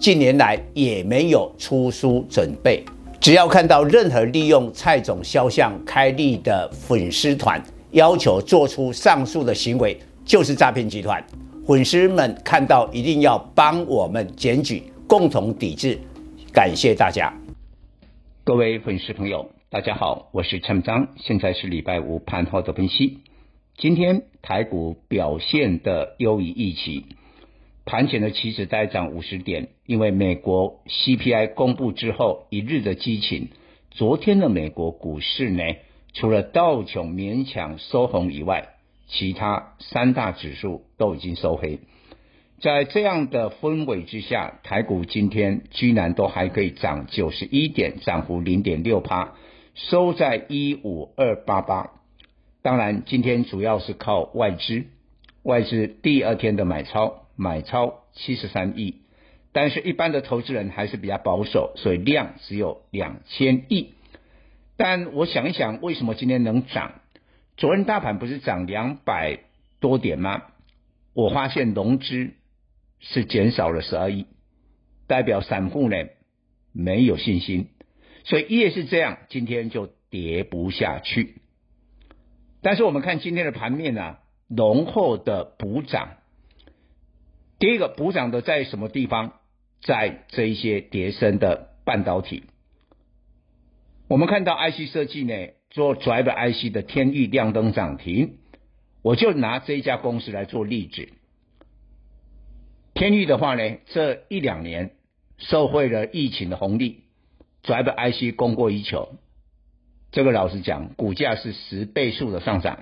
近年來也沒有出書準備，只要看到任何利用蔡總肖像開立的粉絲團，要求做出上述的行為，就是詐騙集團。粉絲們看到一定要幫我們檢舉，共同抵制，感謝大家。各位粉絲朋友，大家好，我是陳章，現在是禮拜五盤後的分析。今天台股表現的優於預期。盤前的期指再漲五十點，因為美國 CPI 公布之後一日的激情。昨天的美國股市呢，除了道瓊勉強收紅以外，其他三大指數都已經收黑。在這樣的氛圍之下，台股今天居然都還可以漲九十一點，漲幅零點六趴，收在一五二八八。當然，今天主要是靠外資，外資第二天的買超。買超七十三億，但是，一般的投資人還是比較保守，所以量只有兩千億。但我想一想，為什麼今天能漲？昨日大盤不是漲兩百多點嗎？我發現融資是減少了十二億，代表散戶呢，沒有信心，所以越是這樣，今天就跌不下去。但是，我們看今天的盤面啊，濃厚的補漲。第一個補漲的在什麼地方？在這一些跌深的半導體。我們看到 IC 設計呢，做 Drive IC 的天鈺亮燈漲停，我就拿這一家公司來做例子。天鈺的話呢，這一兩年受惠了疫情的紅利，Drive IC 供過於求，這個老實講，股價是十倍數的上漲。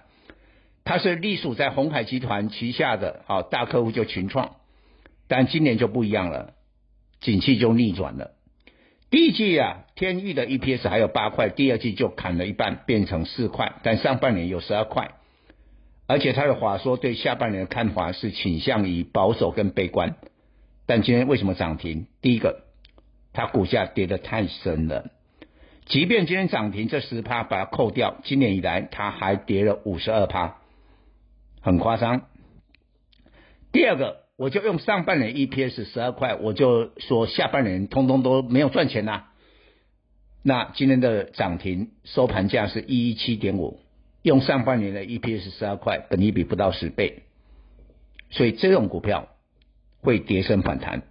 它是隸屬在鴻海集團旗下的，啊，大客戶就群創。但今年就不一樣了，景氣就逆轉了。第一季啊，天域的 EPS 還有八塊，第二季就砍了一半，變成四塊。但上半年有十二塊，而且他的法說對下半年的看法是傾向於保守跟悲觀。但今天為什麼漲停？第一個，它股價跌得太深了。即便今天漲停這十趴把它扣掉，今年以來它還跌了五十二趴，很誇張。第二個，我就用上半年 EPS 十二塊，我就說下半年通通都沒有賺錢吶、啊。那今天的漲停收盤價是一一七點五，用上半年的 EPS 十二塊，本益比不到十倍，所以這種股票會跌深反彈，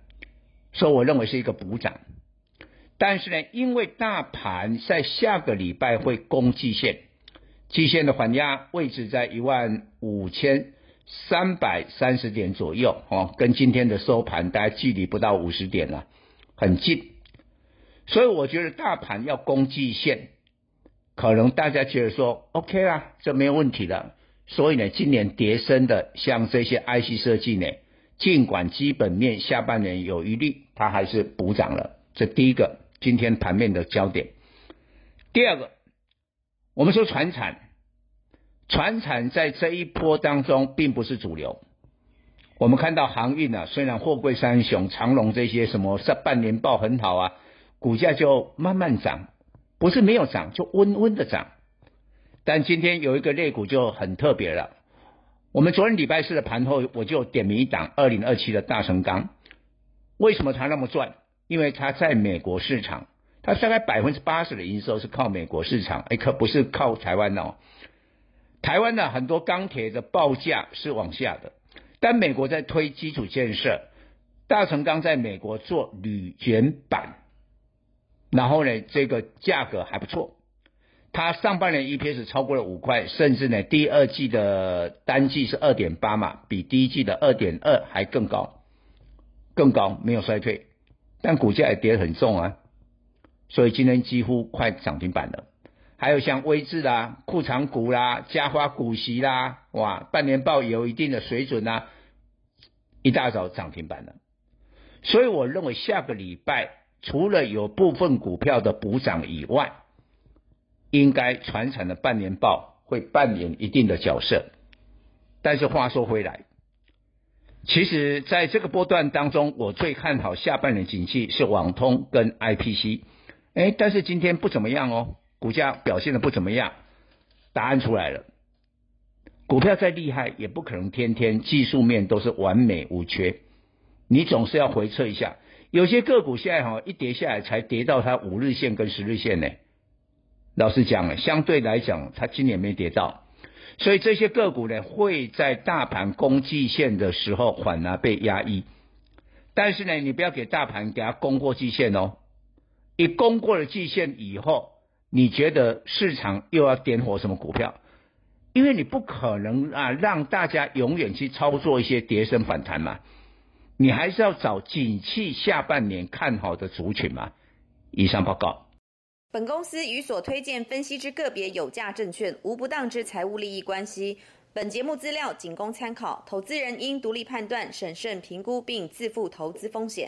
所以我認為是一個補漲。但是呢，因為大盤在下個禮拜會攻季線，季線的緩壓位置在一萬五千。三百三十點左右，哦，跟今天的收盤，大概距離不到五十點了，很近。所以我覺得大盤要攻季線，可能大家覺得說 OK 啦，這沒有問題了。所以呢，今年跌深的像這些 IC 設計呢，儘管基本面下半年有餘力，它還是補漲了。這第一個，今天盤面的焦點。第二個，我們說傳產。傳產在這一波當中並不是主流。我們看到航運啊，雖然貨櫃三雄長榮這些什麼上半年報很好啊，股價就慢慢漲，不是沒有漲，就溫溫的漲。但今天有一個類股就很特別了。我們昨天禮拜四的盤後，我就點名一檔二零二七的大成鋼。為什麼它那麼賺？因為它在美國市場，它大概百分之八十的營收是靠美國市場，哎、欸，可不是靠台灣哦。台灣呢，很多鋼鐵的報價是往下的，但美國在推基礎建設，大成鋼在美國做鋁卷板，然後呢，這個價格還不錯，它上半年 EPS 超過了五塊，甚至呢，第二季的單季是二點八嘛，比第一季的二點二還更高，更高沒有衰退，但股價也跌得很重啊，所以今天幾乎快漲停板了。還有像威智啦、啊、庫藏股啦、啊、嘉華股息啦、啊，哇，半年報也有一定的水準啦、啊，一大早漲停板了。所以我認為下個禮拜除了有部分股票的補漲以外，應該傳產的半年報會扮演一定的角色。但是話說回來，其實在這個波段當中，我最看好下半年景氣是網通跟 IPC，哎，但是今天不怎麼樣哦。股價表現得不怎麼樣，答案出來了。股票再厲害，也不可能天天技術面都是完美無缺，你總是要回測一下。有些個股現在哈一跌下來，才跌到它五日線跟十日線呢。老實講，相對來講，它今年沒跌到，所以這些個股呢會在大盤攻季線的時候，反而被壓抑。但是呢，你不要給大盤給它攻過季線哦。一攻過了季線以後，你覺得市場又要點火什麼股票？因為你不可能啊，讓大家永遠去操作一些跌深反彈嘛。你還是要找景氣下半年看好的族群嘛。以上報告。本公司與所推薦分析之個別有價證券無不當之財務利益關係。本節目資料僅供參考，投資人應獨立判斷、審慎評估並自負投資風險。